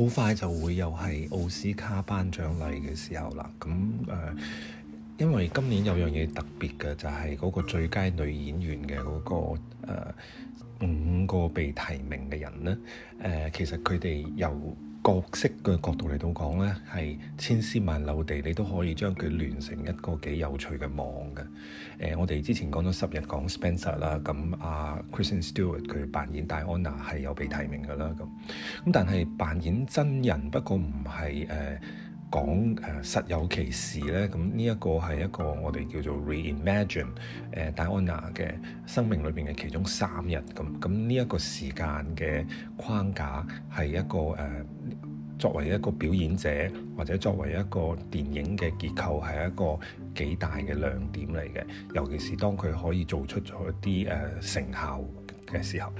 好快就會又係奧斯卡頒獎禮嘅時候啦，咁誒、呃，因為今年有樣嘢特別嘅就係、是、嗰個最佳女演員嘅嗰、那個誒、呃、五個被提名嘅人咧，誒、呃、其實佢哋又，角色嘅角度嚟到講呢係千絲萬縷地，你都可以將佢聯成一個幾有趣嘅網嘅。誒、呃，我哋之前講咗十日講 Spencer 啦，咁啊 Kristen Stewart 佢扮演戴安娜係有被提名㗎啦。咁咁但係扮演真人不過唔係誒、呃講誒、呃、實有其事咧，咁呢一個係一個我哋叫做 reimagine 誒、呃、戴安娜嘅生命裏邊嘅其中三日咁，咁呢一個時間嘅框架係一個誒、呃、作為一個表演者或者作為一個電影嘅結構係一個幾大嘅亮點嚟嘅，尤其是當佢可以做出咗一啲誒、呃、成效嘅時候。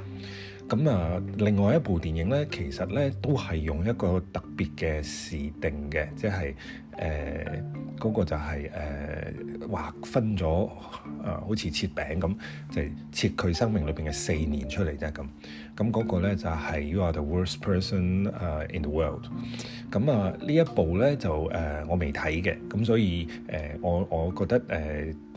咁啊，另外一部電影咧，其實咧都係用一個特別嘅時定嘅，即係。誒嗰、呃那個就係誒劃分咗啊、呃，好似切餅咁，就係、是、切佢生命裏邊嘅四年出嚟啫咁。咁嗰、嗯那個咧就係 You are the worst person 啊、uh, in the world、嗯。咁啊呢一部咧就誒、呃、我未睇嘅，咁所以誒、呃、我我覺得誒、呃、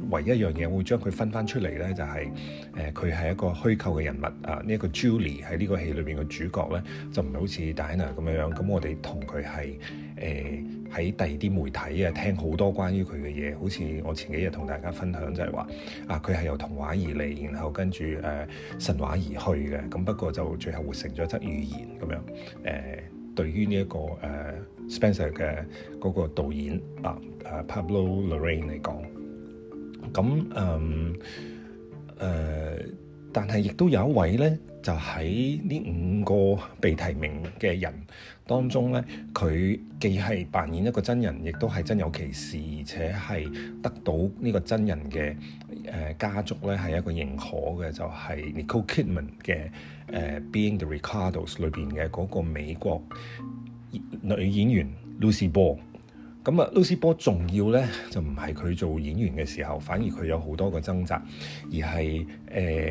唯一一樣嘢，我會將佢分翻出嚟咧就係誒佢係一個虛構嘅人物啊。呢、這、一個 Julie 喺呢個戲裏邊嘅主角咧，就唔係好似 Diana 咁樣樣。咁我哋同佢係。誒喺第二啲媒體啊，聽好多關於佢嘅嘢，好似我前幾日同大家分享，就係、是、話啊，佢係由童話而嚟，然後跟住誒、呃、神話而去嘅，咁不過就最後活成咗一則語言咁樣。誒、呃、對於呢、這、一個誒、呃、Spencer 嘅嗰個導演啊，誒、啊、Pablo Larraín 嚟講，咁誒誒。嗯呃但係亦都有一位咧，就喺呢五個被提名嘅人當中咧，佢既係扮演一個真人，亦都係真有其事，而且係得到呢個真人嘅誒、呃、家族咧係一個認可嘅，就係、是、Nicole Kidman 嘅誒、呃《Being the Ricardos》裏邊嘅嗰個美國女演員 Lucy Bo。咁啊，Lucy Ball 重要咧，就唔係佢做演員嘅時候，反而佢有好多個掙扎，而係誒、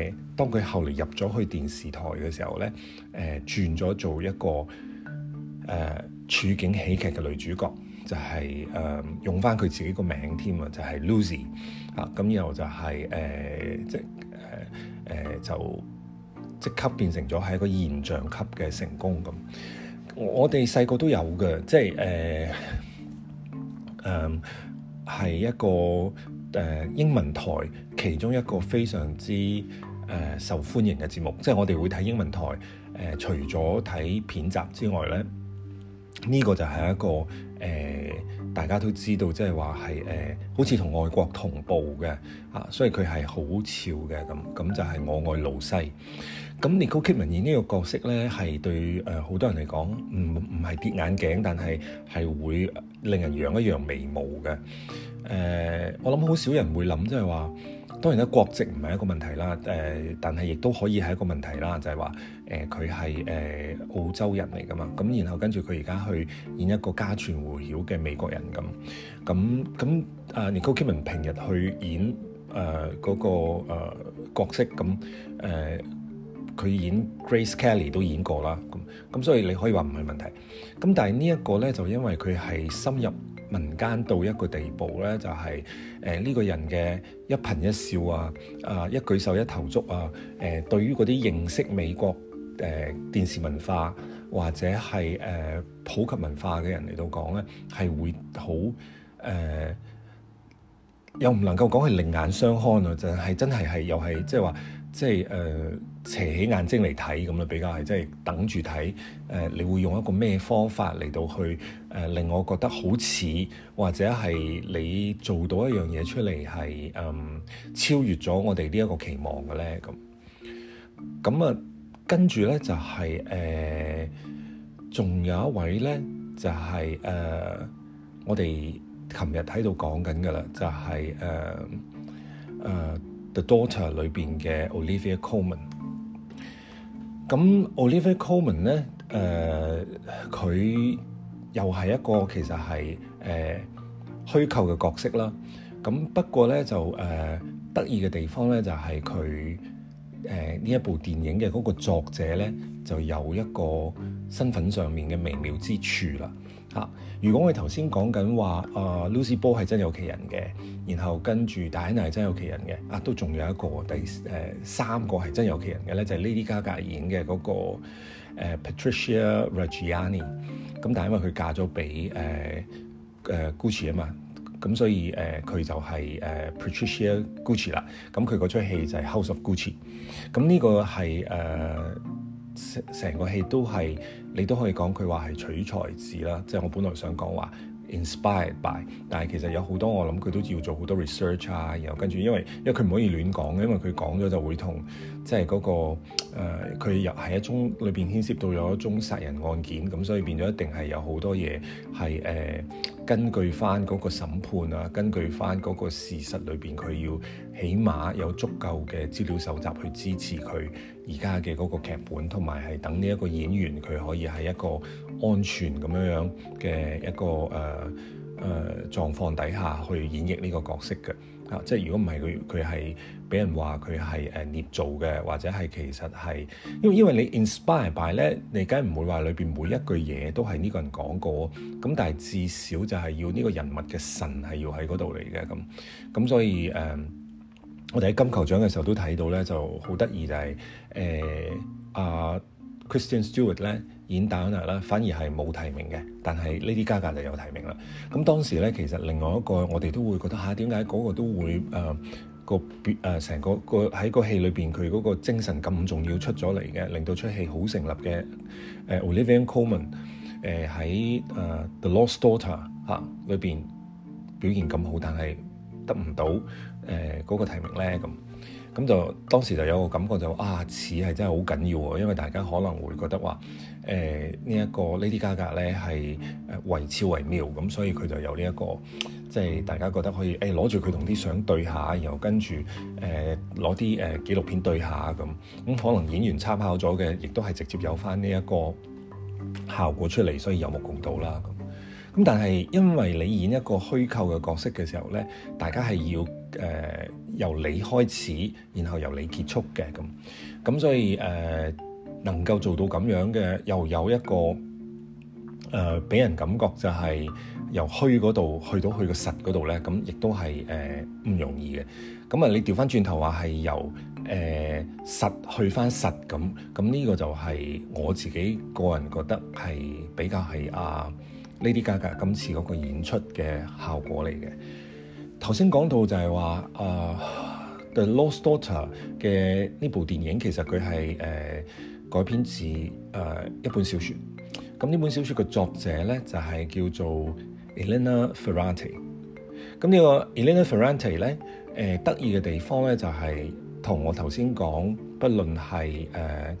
呃、當佢後嚟入咗去電視台嘅時候咧，誒、呃、轉咗做一個誒、呃、處境喜劇嘅女主角，就係、是、誒、呃、用翻佢自己個名添、就是、啊，就係 Lucy 啊。咁然後就係、是、誒、呃、即誒誒、呃呃、就即刻變成咗係一個現象級嘅成功咁。我哋細個都有嘅，即係誒、呃誒係、um, 一個誒、呃、英文台其中一個非常之誒、呃、受歡迎嘅節目，即係我哋會睇英文台誒、呃，除咗睇片集之外咧。呢個就係一個誒、呃，大家都知道，即係話係誒，好似同外國同步嘅啊，所以佢係好潮嘅咁，咁就係我愛露西。咁妮歌潔曼演呢個角色咧，係對誒好、呃、多人嚟講，唔唔係跌眼鏡，但係係會令人揚一揚眉毛嘅。誒、呃，我諗好少人會諗，即係話。當然咧，國籍唔係一個問題啦，誒、呃，但係亦都可以係一個問題啦，就係話誒，佢係誒澳洲人嚟㗎嘛，咁然後跟住佢而家去演一個家傳戶曉嘅美國人咁，咁咁啊、呃、Nicole Kidman 平日去演誒嗰、呃那個角色咁，誒、呃、佢、呃、演 Grace Kelly 都演過啦，咁咁所以你可以話唔係問題，咁但係呢一個咧就因為佢係深入。民間到一個地步咧，就係誒呢個人嘅一顰一笑啊，啊一舉手一投足啊，誒、呃、對於嗰啲認識美國誒、呃、電視文化或者係誒、呃、普及文化嘅人嚟到講咧，係會好誒、呃，又唔能夠講係另眼相看啊，就係真係係又係即係話。即係誒斜起眼睛嚟睇咁咯，比較係即係等住睇誒，你會用一個咩方法嚟到去誒、呃、令我覺得好似或者係你做到一樣嘢出嚟係誒超越咗我哋呢一個期望嘅咧咁。咁啊，跟住咧就係、是、誒，仲、呃、有一位咧就係、是、誒、呃，我哋琴日喺度講緊噶啦，就係誒誒。呃呃 The Daughter 裏邊嘅 Olivia Coleman，咁 Olivia Coleman 咧，誒、呃、佢又係一個其實係誒、呃、虛構嘅角色啦。咁不過咧就誒得意嘅地方咧，就係佢誒呢一部電影嘅嗰個作者咧，就有一個身份上面嘅微妙之處啦。啊！如果我哋頭先講緊話，啊、呃、Lucy Ball 係真有其人嘅，然後跟住戴安娜係真有其人嘅，啊都仲有一個第誒、呃、三個係真有其人嘅咧，就係、Lady Gaga 演嘅嗰、那個、呃、Patricia Reggiani 咁但因為佢嫁咗俾誒誒 Gucci 啊嘛，咁、嗯、所以誒佢、呃、就係、是、誒、呃、Patricia Gucci 啦。咁佢嗰出戲就係 House of Gucci、嗯。咁、這、呢個係誒成成個戲都係。你都可以講佢話係取材自啦，即係我本來想講話，inspired by，但係其實有好多我諗佢都要做好多 research 啊，然後跟住因為因為佢唔可以亂講，因為佢講咗就會同即係嗰個誒佢又係一宗裏邊牽涉到有一宗殺人案件，咁所以變咗一定係有好多嘢係誒根據翻嗰個審判啊，根據翻嗰個事實裏邊佢要起碼有足夠嘅資料搜集去支持佢而家嘅嗰個劇本，同埋係等呢一個演員佢可以係一個。安全咁樣樣嘅一個誒誒、呃呃、狀況底下去演繹呢個角色嘅啊，即係如果唔係佢佢係俾人話佢係誒捏造嘅，或者係其實係因為因為你 inspire by 咧，你梗係唔會話裏邊每一句嘢都係呢個人講過，咁但係至少就係要呢個人物嘅神係要喺嗰度嚟嘅咁，咁所以誒、嗯，我哋喺金球獎嘅時候都睇到咧，就好得意，就係誒阿、欸啊、Christian Stewart 咧。演打拿啦，反而係冇提名嘅。但係呢啲加價就有提名啦。咁當時咧，其實另外一個我哋都會覺得嚇，點解嗰個都會誒個別誒成個個喺個戲裏邊佢嗰個精神咁重要出咗嚟嘅，令到出戲好成立嘅。誒 Olivia Colman 誒喺誒 The Lost Daughter 嚇裏邊表現咁好，但係得唔到誒嗰個提名咧咁。咁就當時就有個感覺就啊，似係真係好緊要喎，因為大家可能會覺得話，誒、呃這個、呢一個 Lady Gaga 咧係誒維肖維妙，咁所以佢就有呢、這、一個，即係大家覺得可以誒攞住佢同啲相對下，然後跟住誒攞啲誒紀錄片對下咁，咁、嗯、可能演員參考咗嘅，亦都係直接有返呢一個效果出嚟，所以有目共睹啦。咁咁但係因為你演一個虛構嘅角色嘅時候咧，大家係要誒。呃呃由你開始，然後由你結束嘅咁，咁所以誒、呃、能夠做到咁樣嘅，又有一個誒俾、呃、人感覺就係由虛嗰度去到去個實嗰度咧，咁亦都係誒唔容易嘅。咁啊，你調翻轉頭話係由誒、呃、實去翻實咁，咁呢、這個就係我自己個人覺得係比較係啊呢啲價格今次嗰個演出嘅效果嚟嘅。頭先講到就係話啊，uh，《The Lost Daughter》嘅呢部電影其實佢係誒改編自誒一本小説。咁、嗯、呢本小説嘅作者咧就係、是、叫做 Elena Ferrante。咁、嗯這個、Ferr 呢個 Elena Ferrante 咧誒得意嘅地方咧就係、是、同我頭先講，不論係誒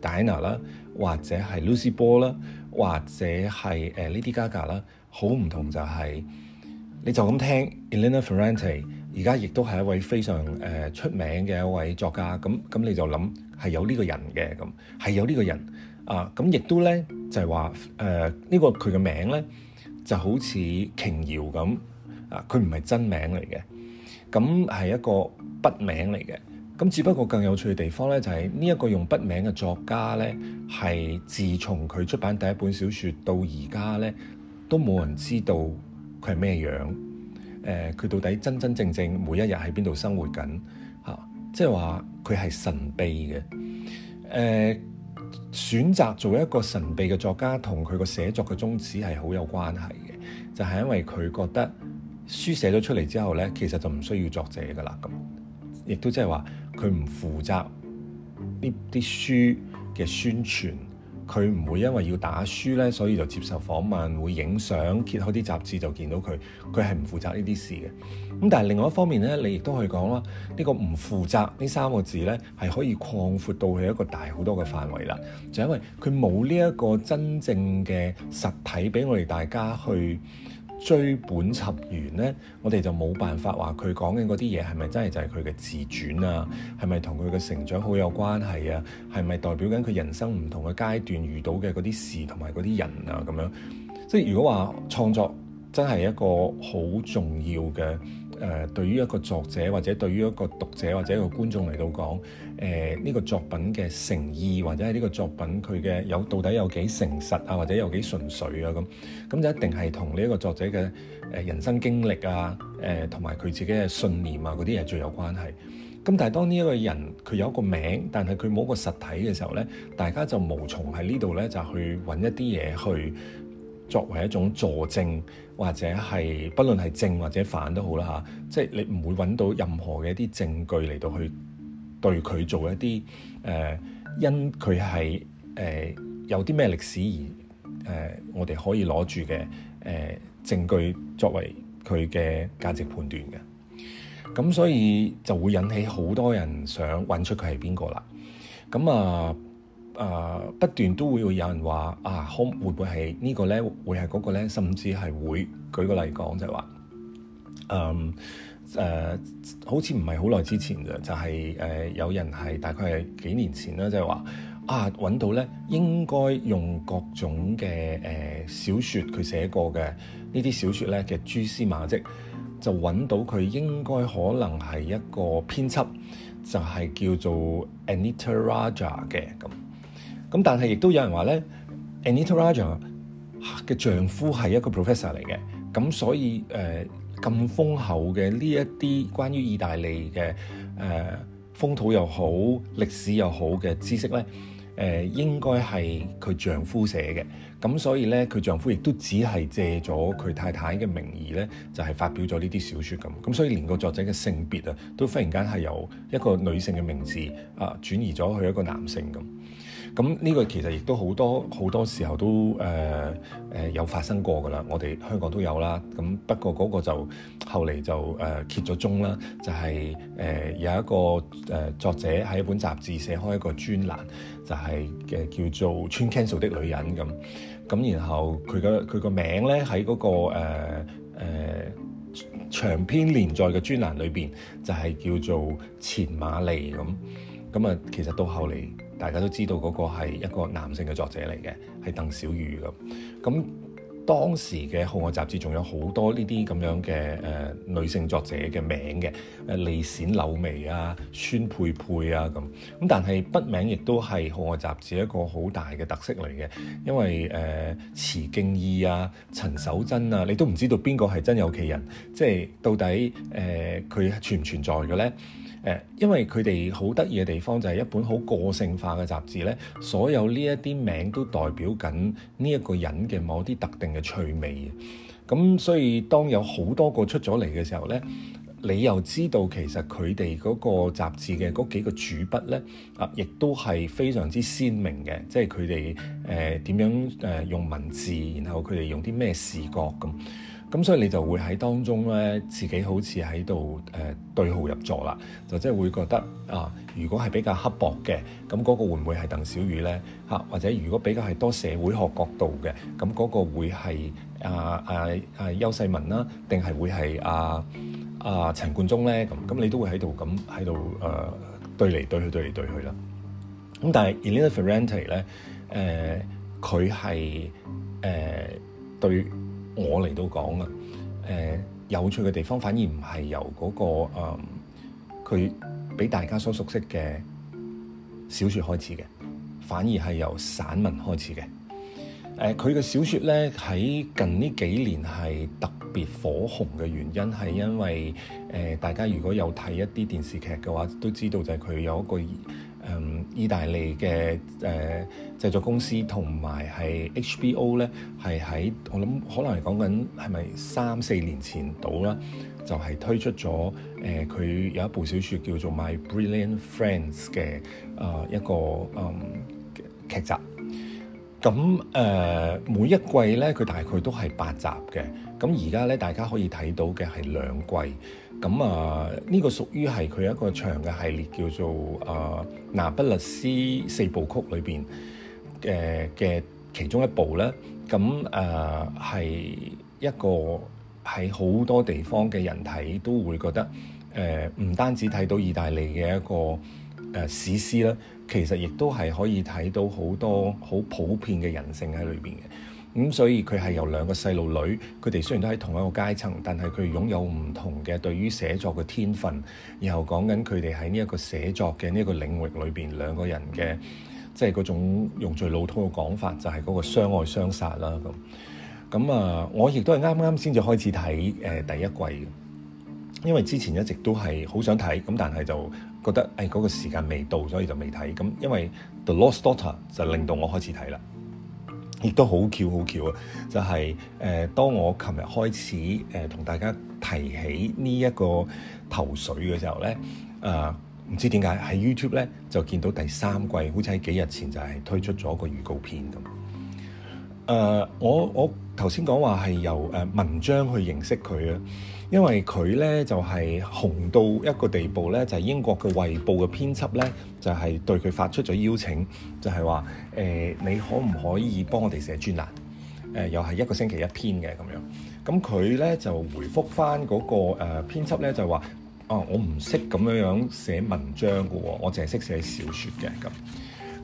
Diana 啦，或者係 Lucy Ball 啦，或者係誒 Lady Gaga 啦，好唔同就係、是。你就咁聽 Elena Ferrante 而家亦都係一位非常誒、呃、出名嘅一位作家。咁咁、嗯、你就諗係有呢個人嘅咁，係有呢個人啊。咁、嗯、亦都咧就係話誒呢個佢嘅名咧就好似瓊瑤咁啊，佢唔係真名嚟嘅，咁、啊、係一個筆名嚟嘅。咁只不過更有趣嘅地方咧，就係呢一個用筆名嘅作家咧，係自從佢出版第一本小説到而家咧，都冇人知道。佢係咩樣？誒、呃，佢到底真真正正每一日喺邊度生活緊？嚇、啊，即係話佢係神秘嘅。誒、呃，選擇做一個神秘嘅作家，同佢個寫作嘅宗旨係好有關係嘅。就係因為佢覺得書寫咗出嚟之後咧，其實就唔需要作者噶啦。咁，亦都即係話佢唔負責呢啲書嘅宣傳。佢唔會因為要打書咧，所以就接受訪問，會影相，揭開啲雜誌就見到佢。佢係唔負責呢啲事嘅。咁但係另外一方面咧，你亦都可以講啦，呢個唔負責呢三個字咧，係可以擴闊到去一個大好多嘅範圍啦。就因為佢冇呢一個真正嘅實體俾我哋大家去。追本尋源咧，我哋就冇辦法話佢講緊嗰啲嘢係咪真係就係佢嘅自傳啊？係咪同佢嘅成長好有關係啊？係咪代表緊佢人生唔同嘅階段遇到嘅嗰啲事同埋嗰啲人啊？咁樣，即係如果話創作真係一個好重要嘅。誒、呃、對於一個作者或者對於一個讀者或者一個觀眾嚟到講，誒、呃、呢、呢個作品嘅誠意或者係呢個作品佢嘅有到底有幾誠實啊，或者有幾純粹啊咁，咁就一定係同呢一個作者嘅誒人生經歷、呃、啊，誒同埋佢自己嘅信念啊嗰啲嘢最有關係。咁但係當呢一個人佢有個名，但係佢冇個實體嘅時候咧，大家就無從喺呢度咧就去揾一啲嘢去。作為一種助證，或者係不論係正或者反都好啦嚇，即係你唔會揾到任何嘅一啲證據嚟到去對佢做一啲誒、呃，因佢係誒有啲咩歷史而誒、呃，我哋可以攞住嘅誒證據作為佢嘅價值判斷嘅。咁所以就會引起好多人想揾出佢係邊個啦。咁啊～誒、uh, 不斷都會會有人話啊，可會唔會係呢個咧？會係嗰個咧？甚至係會舉個例講、um, uh，就係話誒誒，好似唔係好耐之前嘅，就係誒有人係大概係幾年前啦，就係、是、話啊揾到咧，應該用各種嘅誒、呃、小説佢寫過嘅呢啲小説咧嘅蛛絲馬跡，就揾到佢應該可能係一個編輯，就係、是、叫做 Anita Raja 嘅咁。咁但係，亦都有人話咧，Anita Raja 嘅丈夫係一個 professor 嚟嘅。咁所以誒咁、呃、豐厚嘅呢一啲關於意大利嘅誒、呃、風土又好、歷史又好嘅知識咧，誒、呃、應該係佢丈夫寫嘅。咁所以咧，佢丈夫亦都只係借咗佢太太嘅名義咧，就係、是、發表咗呢啲小説咁。咁所以連個作者嘅性別啊，都忽然間係由一個女性嘅名字啊轉移咗去一個男性咁。咁呢個其實亦都好多好多時候都誒誒、呃呃、有發生過㗎啦，我哋香港都有啦。咁不過嗰個就後嚟就誒、呃、揭咗盅啦，就係、是、誒、呃、有一個誒、呃、作者喺一本雜誌寫開一個專欄，就係、是、嘅、呃、叫做穿 Kenzo 的女人咁。咁然後佢嘅佢個名咧，喺嗰個誒誒長篇連載嘅專欄裏邊就係、是、叫做錢瑪莉。咁。咁啊，其實到後嚟。大家都知道嗰個係一個男性嘅作者嚟嘅，係鄧小宇咁。咁當時嘅《號外雜誌》仲有好多呢啲咁樣嘅誒女性作者嘅名嘅，誒利閃柳眉啊、孫佩佩啊咁。咁但係筆名亦都係《號外雜誌》一個好大嘅特色嚟嘅，因為誒池、呃、敬義啊、陳守珍啊，你都唔知道邊個係真有其人，即係到底誒佢、呃、存唔存在嘅咧？誒，因為佢哋好得意嘅地方就係一本好個性化嘅雜誌咧，所有呢一啲名都代表緊呢一個人嘅某啲特定嘅趣味。咁所以當有好多個出咗嚟嘅時候咧，你又知道其實佢哋嗰個雜誌嘅嗰幾個主筆咧，啊，亦都係非常之鮮明嘅，即係佢哋誒點樣誒用文字，然後佢哋用啲咩視覺咁。咁所以你就會喺當中咧，自己好似喺度誒對號入座啦，就即係會覺得啊，如果係比較刻薄嘅，咁嗰個會唔會係鄧小雨咧？嚇、啊，或者如果比較係多社會學角度嘅，咁嗰個會係啊啊啊邱世文啦，定係會係啊啊陳冠中咧？咁咁你都會喺度咁喺度誒對嚟對去對嚟對去啦。咁、嗯、但係 Elena Ferrante 咧，誒佢係誒對。我嚟到講啦，誒、呃、有趣嘅地方反而唔係由嗰、那個佢俾、呃、大家所熟悉嘅小説開始嘅，反而係由散文開始嘅。誒佢嘅小説咧，喺近呢幾年係特別火紅嘅原因係因為誒、呃、大家如果有睇一啲電視劇嘅話，都知道就係佢有一個。意大利嘅誒、呃、製作公司同埋係 HBO 咧，係喺我諗可能係講緊係咪三四年前到啦，就係、是、推出咗誒佢有一部小說叫做《My Brilliant Friends》嘅啊、呃、一個誒、嗯、劇集。咁誒、呃、每一季咧，佢大概都係八集嘅。咁而家咧，大家可以睇到嘅係兩季。咁啊，呢、這個屬於係佢一個長嘅系列，叫做《啊拿不勒斯四部曲》裏邊嘅嘅其中一部咧。咁、嗯、啊，係一個喺好多地方嘅人睇都會覺得，誒、呃、唔單止睇到意大利嘅一個誒、呃、史詩啦，其實亦都係可以睇到好多好普遍嘅人性喺裏邊嘅。咁、嗯、所以佢係由兩個細路女，佢哋雖然都喺同一個階層，但係佢擁有唔同嘅對於寫作嘅天分。然後講緊佢哋喺呢一個寫作嘅呢一個領域裏邊，兩個人嘅即係嗰種用最老土嘅講法，就係、是、嗰個相愛相殺啦。咁咁啊，我亦都係啱啱先至開始睇誒、呃、第一季，因為之前一直都係好想睇，咁但係就覺得誒嗰、哎那個時間未到，所以就未睇。咁因為 The Lost Daughter 就令到我開始睇啦。亦都好巧好巧啊！就係、是、誒、呃，當我琴日開始誒同、呃、大家提起呢一個頭緒嘅時候咧，誒、呃、唔知點解喺 YouTube 咧就見到第三季，好似喺幾日前就係推出咗個預告片咁。誒、呃，我我頭先講話係由誒文章去認識佢啊，因為佢咧就係、是、紅到一個地步咧，就係、是、英國嘅《衞報》嘅編輯咧。就係對佢發出咗邀請，就係話誒，你可唔可以幫我哋寫專欄？誒、呃，又係一個星期一篇嘅咁樣。咁佢咧就回覆翻嗰、那個誒、呃、編輯咧，就話：啊，我唔識咁樣樣寫文章嘅喎，我淨係識寫小説嘅咁。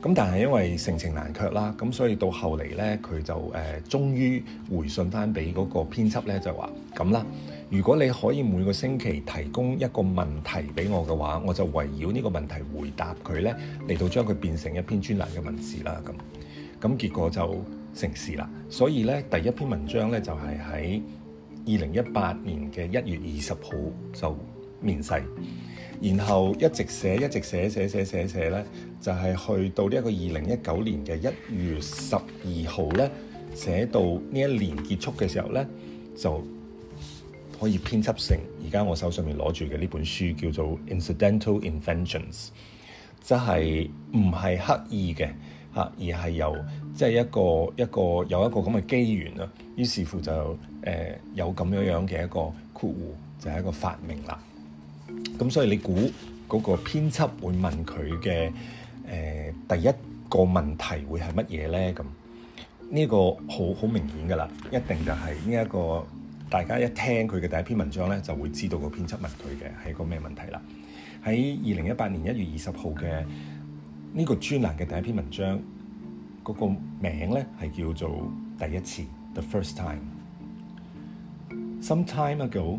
咁但係因為盛情難卻啦，咁所以到後嚟呢，佢就誒終於回信返俾嗰個編輯咧，就話咁啦，如果你可以每個星期提供一個問題俾我嘅話，我就圍繞呢個問題回答佢呢嚟到將佢變成一篇專欄嘅文字啦，咁咁結果就成事啦。所以呢，第一篇文章呢，就係喺二零一八年嘅一月二十號就面世。然後一直寫一直寫寫寫寫寫咧，就係去到呢一個二零一九年嘅一月十二號咧，寫到呢一年結束嘅時候咧，就可以編輯成而家我手上面攞住嘅呢本書叫做《Incidental Inventions》，即係唔係刻意嘅吓，而係由即係一個一個有一個咁嘅機緣啊。於是乎就誒有咁樣樣嘅一個括弧，就係一個發明啦。咁所以你估嗰個編輯會問佢嘅誒第一個問題會係乜嘢咧？咁呢個好好明顯噶啦，一定就係呢一個大家一聽佢嘅第一篇文章咧，就會知道個編輯問佢嘅係個咩問題啦。喺二零一八年一月二十號嘅呢個專欄嘅第一篇文章，嗰個名咧係叫做第一次，The First Time，some time ago。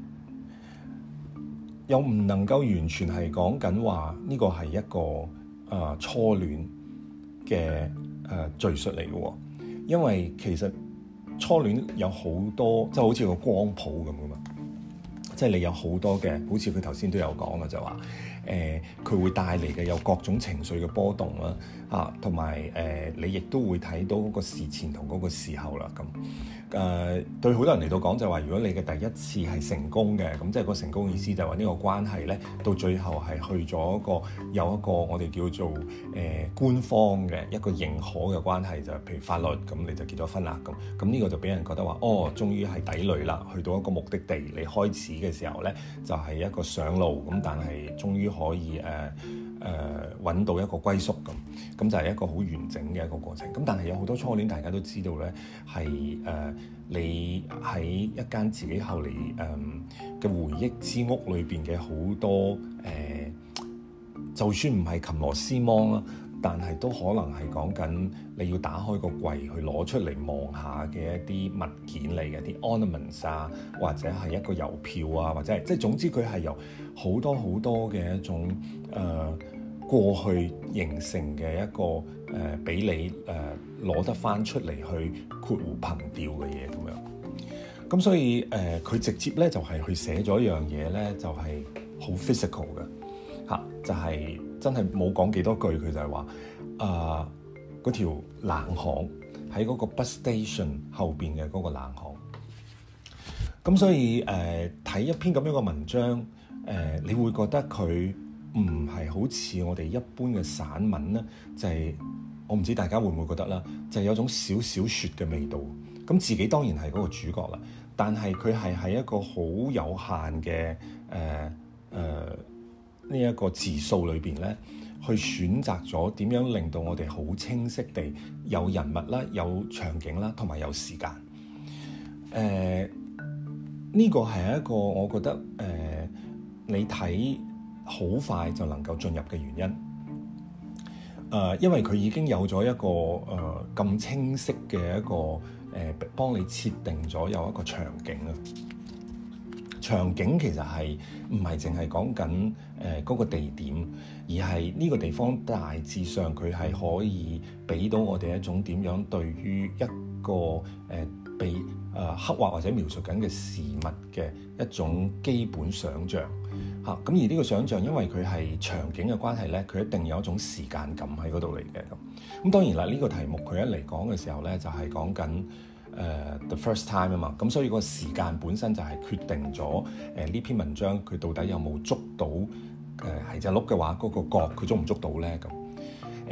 又唔能夠完全係講緊話呢個係一個啊、呃、初戀嘅誒敘述嚟嘅喎，因為其實初戀有多好多即係好似個光譜咁嘅嘛，即、就、係、是、你有好多嘅，好似佢頭先都有講嘅就話、是，誒、呃、佢會帶嚟嘅有各種情緒嘅波動啦。啊，同埋誒，你亦都會睇到嗰個事前同嗰個時候啦，咁誒、呃、對好多人嚟到講就話、是，如果你嘅第一次係成功嘅，咁即係個成功嘅意思就係話呢個關係呢，到最後係去咗一個有一個我哋叫做誒、呃、官方嘅一個認可嘅關係就是，譬如法律咁你就結咗婚啦，咁咁呢個就俾人覺得話，哦，終於係抵累啦，去到一個目的地，你開始嘅時候呢，就係、是、一個上路，咁但係終於可以誒。呃誒揾、呃、到一個歸宿咁，咁就係一個好完整嘅一個過程。咁但係有好多初戀，大家都知道咧，係誒、呃、你喺一間自己後嚟誒嘅回憶之屋裏邊嘅好多誒、呃，就算唔係琴羅絲芒啦，但係都可能係講緊你要打開個櫃去攞出嚟望下嘅一啲物件嚟嘅，啲 ornaments 啊，或者係一個郵票啊，或者係即係總之佢係由好多好多嘅一種誒。呃過去形成嘅一個誒，俾、呃、你誒攞、呃、得翻出嚟去括弧憑吊嘅嘢咁樣。咁所以誒，佢、呃、直接咧就係、是、去寫咗一樣嘢咧，就係、是、好 physical 嘅嚇、啊，就係、是、真係冇講幾多句，佢就係話誒嗰條冷巷喺嗰個 bus station 後邊嘅嗰個冷巷。咁所以誒，睇、呃、一篇咁樣嘅文章誒、呃，你會覺得佢。唔係好似我哋一般嘅散文咧，就係、是、我唔知大家會唔會覺得啦，就係、是、有種小小説嘅味道。咁自己當然係嗰個主角啦，但係佢係喺一個好有限嘅誒誒呢一個字數裏邊咧，去選擇咗點樣令到我哋好清晰地有人物啦、有場景啦、同埋有時間。誒、呃、呢、這個係一個我覺得誒、呃、你睇。好快就能夠進入嘅原因，誒、呃，因為佢已經有咗一個誒咁、呃、清晰嘅一個誒、呃，幫你設定咗有一個場景啦。場景其實係唔係淨係講緊誒嗰個地點，而係呢個地方大致上佢係可以俾到我哋一種點樣對於一個誒、呃、被誒、呃、刻畫或者描述緊嘅事物嘅一種基本想像。嚇！咁而呢個想像，因為佢係場景嘅關係咧，佢一定有一種時間感喺嗰度嚟嘅咁。咁當然啦，呢、這個題目佢一嚟講嘅時候咧，就係、是、講緊誒、uh, the first time 啊嘛。咁所以個時間本身就係決定咗誒呢篇文章佢到底有冇捉到誒係隻鹿嘅話，嗰、那個角佢捉唔捉到咧咁。誒、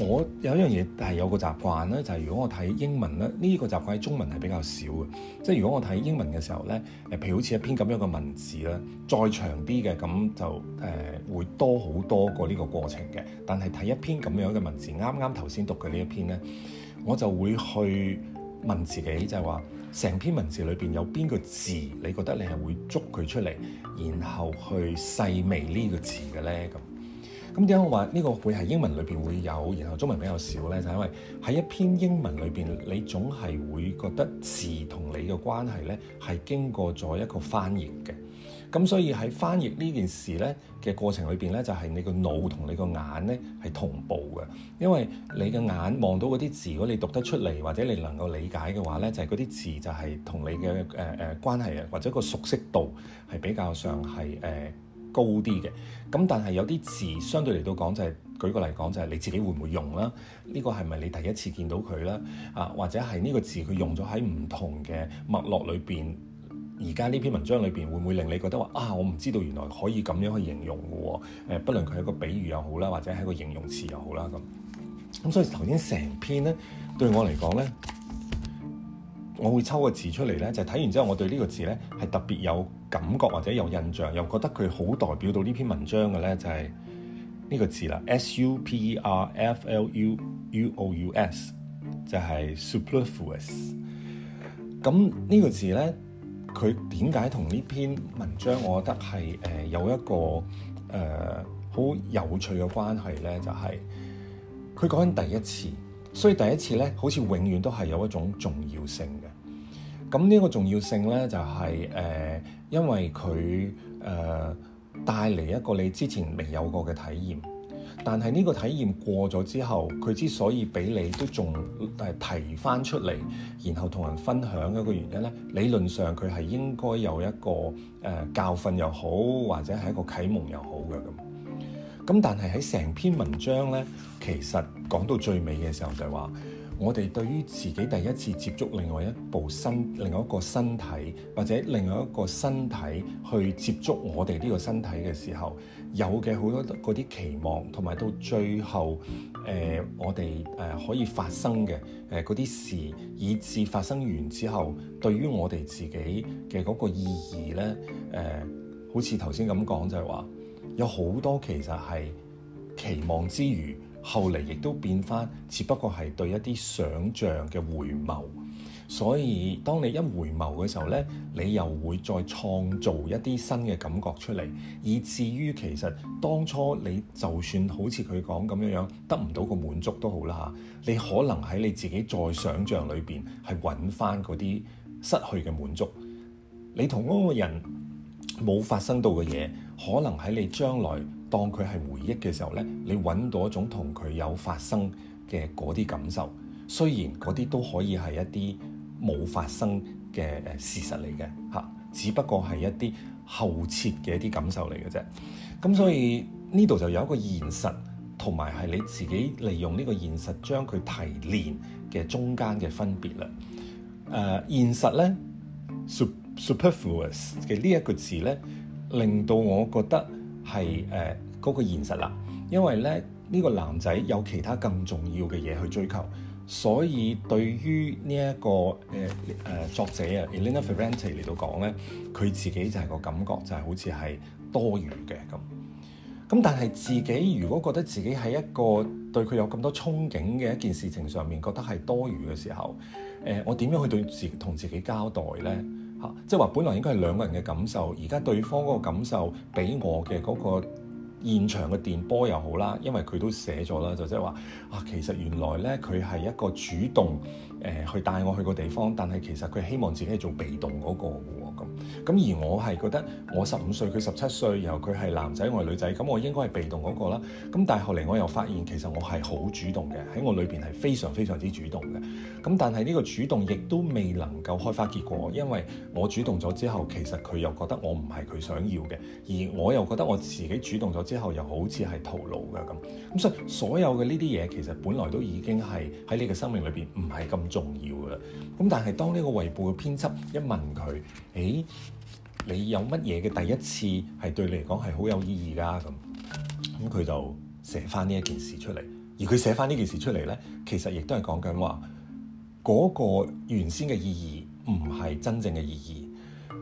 呃，我有一樣嘢係有個習慣咧，就係、是、如果我睇英文咧，呢、這個習慣喺中文係比較少嘅。即係如果我睇英文嘅時候咧，誒，譬如好似一篇咁樣嘅文字咧，再長啲嘅，咁就誒、呃、會多好多個呢個過程嘅。但係睇一篇咁樣嘅文字，啱啱頭先讀嘅呢一篇咧，我就會去問自己，就係話成篇文字裏邊有邊個字，你覺得你係會捉佢出嚟，然後去細味呢個字嘅咧咁。咁點解我話呢個會係英文裏邊會有，然後中文比較少呢？就係因為喺一篇英文裏邊，你總係會覺得字同你嘅關係呢係經過咗一個翻譯嘅。咁所以喺翻譯呢件事呢嘅過程裏邊呢，就係你個腦同你個眼呢係同步嘅，因為你嘅眼望到嗰啲字，如果你讀得出嚟或者你能夠理解嘅話呢，就係嗰啲字就係同你嘅誒誒關係啊，或者個熟悉度係比較上係誒。呃高啲嘅咁，但係有啲字相對嚟到講，就係舉個例講，就係、是、你自己會唔會用啦？呢個係咪你第一次見到佢啦？啊，或者係呢個字佢用咗喺唔同嘅脈絡裏邊，而家呢篇文章裏邊會唔會令你覺得話啊，我唔知道原來可以咁樣去形容嘅喎。誒，不論佢係一個比喻又好啦，或者係一個形容詞又好啦，咁咁所以頭先成篇咧，對我嚟講咧。我會抽個字出嚟咧，就睇、是、完之後，我對個呢個字咧係特別有感覺或者有印象，又覺得佢好代表到呢篇文章嘅咧，就係、是、呢個字啦，s u p e r f l u u o u s，就係 superfluous。咁呢個字咧，佢點解同呢篇文章，我覺得係誒、呃、有一個誒好、呃、有趣嘅關係咧，就係、是、佢講緊第一次。所以第一次咧，好似永遠都係有一種重要性嘅。咁呢個重要性咧，就係、是、誒、呃，因為佢誒、呃、帶嚟一個你之前未有過嘅體驗。但係呢個體驗過咗之後，佢之所以俾你都仲誒提翻出嚟，然後同人分享一個原因咧，理論上佢係應該有一個誒、呃、教訓又好，或者係一個啟蒙又好嘅咁。咁但係喺成篇文章呢，其實講到最尾嘅時候就係話，我哋對於自己第一次接觸另外一部身、另外一個身體，或者另外一個身體去接觸我哋呢個身體嘅時候，有嘅好多嗰啲期望，同埋到最後，誒、呃、我哋誒、呃、可以發生嘅誒嗰啲事，以至發生完之後，對於我哋自己嘅嗰個意義呢，誒、呃、好似頭先咁講就係話。有好多其實係期望之餘，後嚟亦都變翻，只不過係對一啲想像嘅回眸。所以當你一回眸嘅時候咧，你又會再創造一啲新嘅感覺出嚟。以至於其實當初你就算好似佢講咁樣樣，得唔到個滿足都好啦嚇，你可能喺你自己再想像裏邊係揾翻嗰啲失去嘅滿足。你同嗰個人冇發生到嘅嘢。可能喺你將來當佢係回憶嘅時候咧，你揾到一種同佢有發生嘅嗰啲感受，雖然嗰啲都可以係一啲冇發生嘅誒事實嚟嘅嚇，只不過係一啲後設嘅一啲感受嚟嘅啫。咁所以呢度就有一個現實同埋係你自己利用呢個現實將佢提煉嘅中間嘅分別啦。誒、呃、現實咧，superfluous 嘅呢一個字咧。令到我覺得係誒嗰個現實啦，因為咧呢、這個男仔有其他更重要嘅嘢去追求，所以對於呢、這、一個誒誒、呃呃、作者啊 El，Elena Ferrante 嚟到講咧，佢自己就係個感覺就係好似係多餘嘅咁。咁但係自己如果覺得自己喺一個對佢有咁多憧憬嘅一件事情上面，覺得係多餘嘅時候，誒、呃、我點樣去對自同自己交代咧？即係話，本來應該係兩個人嘅感受，而家對方嗰個感受俾我嘅嗰個現場嘅電波又好啦，因為佢都寫咗啦，就即係話啊，其實原來咧，佢係一個主動。誒去帶我去個地方，但係其實佢希望自己係做被動嗰個喎，咁咁而我係覺得我十五歲，佢十七歲，然後佢係男仔，我係女仔，咁我應該係被動嗰個啦。咁但係後嚟我又發現，其實我係好主動嘅，喺我裏邊係非常非常之主動嘅。咁但係呢個主動亦都未能夠開花結果，因為我主動咗之後，其實佢又覺得我唔係佢想要嘅，而我又覺得我自己主動咗之後又好似係徒勞嘅咁。咁所以所有嘅呢啲嘢其實本來都已經係喺你嘅生命裏邊唔係咁重要嘅，咁但係當呢個衛報嘅編輯一問佢：，誒、哎，你有乜嘢嘅第一次係對你嚟講係好有意義噶、啊？咁，咁佢就寫返呢一件事出嚟。而佢寫返呢件事出嚟呢，其實亦都係講緊話嗰個原先嘅意義唔係真正嘅意義。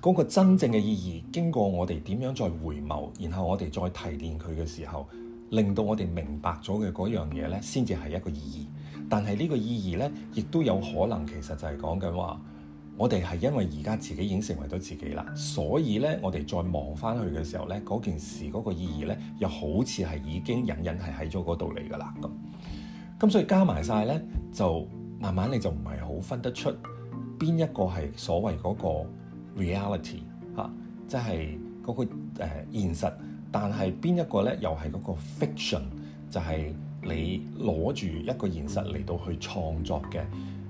嗰個真正嘅意義，經過我哋點樣再回眸，然後我哋再提煉佢嘅時候，令到我哋明白咗嘅嗰樣嘢呢，先至係一個意義。但係呢個意義呢，亦都有可能其實就係講緊話，我哋係因為而家自己已經成為咗自己啦，所以呢，我哋再望翻去嘅時候呢，嗰件事嗰個意義呢，又好似係已經隱隱係喺咗嗰度嚟㗎啦。咁咁所以加埋晒呢，就慢慢你就唔係好分得出邊一個係所謂嗰個 reality 嚇，即係嗰個誒現實，但係邊一個呢，又係嗰個 fiction 就係。你攞住一個現實嚟到去創作嘅誒、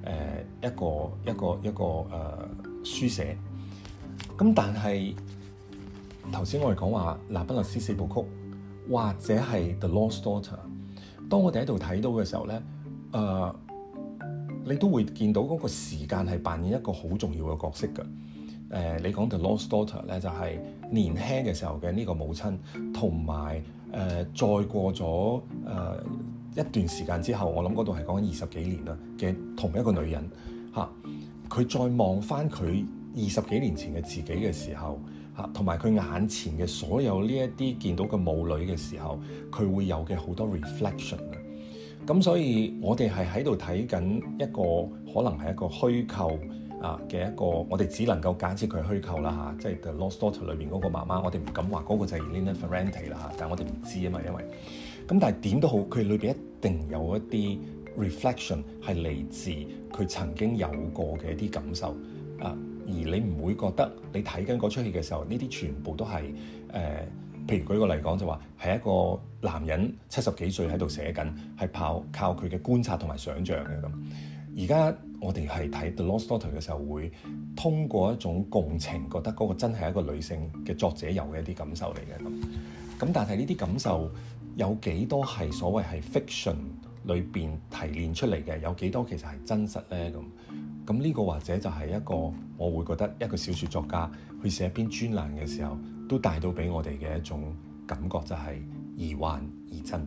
呃、一個一個一個誒、呃、書寫，咁、嗯、但係頭先我哋講話那不勒斯四部曲或者係 The Lost Daughter，當我哋喺度睇到嘅時候咧，誒、呃、你都會見到嗰個時間係扮演一個好重要嘅角色㗎。誒、呃、你講 The Lost Daughter 咧，就係、是、年輕嘅時候嘅呢個母親同埋。誒、呃、再過咗誒、呃、一段時間之後，我諗嗰度係講緊二十幾年啦嘅同一個女人嚇，佢、啊、再望翻佢二十幾年前嘅自己嘅時候嚇，同埋佢眼前嘅所有呢一啲見到嘅母女嘅時候，佢、啊、會有嘅好多 reflection 啊！咁所以我哋係喺度睇緊一個可能係一個虛構。啊嘅一個，我哋只能夠假設佢虛構啦嚇、啊，即係《The Lost Daughter》裏邊嗰個媽媽，我哋唔敢話嗰個就係 Elena Ferrante 啦、啊、嚇，但係我哋唔知啊嘛，因為咁，但係點都好，佢裏邊一定有一啲 reflection 係嚟自佢曾經有過嘅一啲感受啊，而你唔會覺得你睇緊嗰出戲嘅時候，呢啲全部都係誒、呃，譬如舉個例講就話係一個男人七十幾歲喺度寫緊，係靠靠佢嘅觀察同埋想像嘅咁。而家我哋係睇《The Lost Daughter》嘅時候，會通過一種共情，覺得嗰個真係一個女性嘅作者有嘅一啲感受嚟嘅咁。咁但係呢啲感受有幾多係所謂係 fiction 裏邊提煉出嚟嘅？有幾多其實係真實咧？咁咁呢個或者就係一個我會覺得一個小説作家去寫一篇專欄嘅時候，都帶到俾我哋嘅一種感覺，就係疑幻疑真。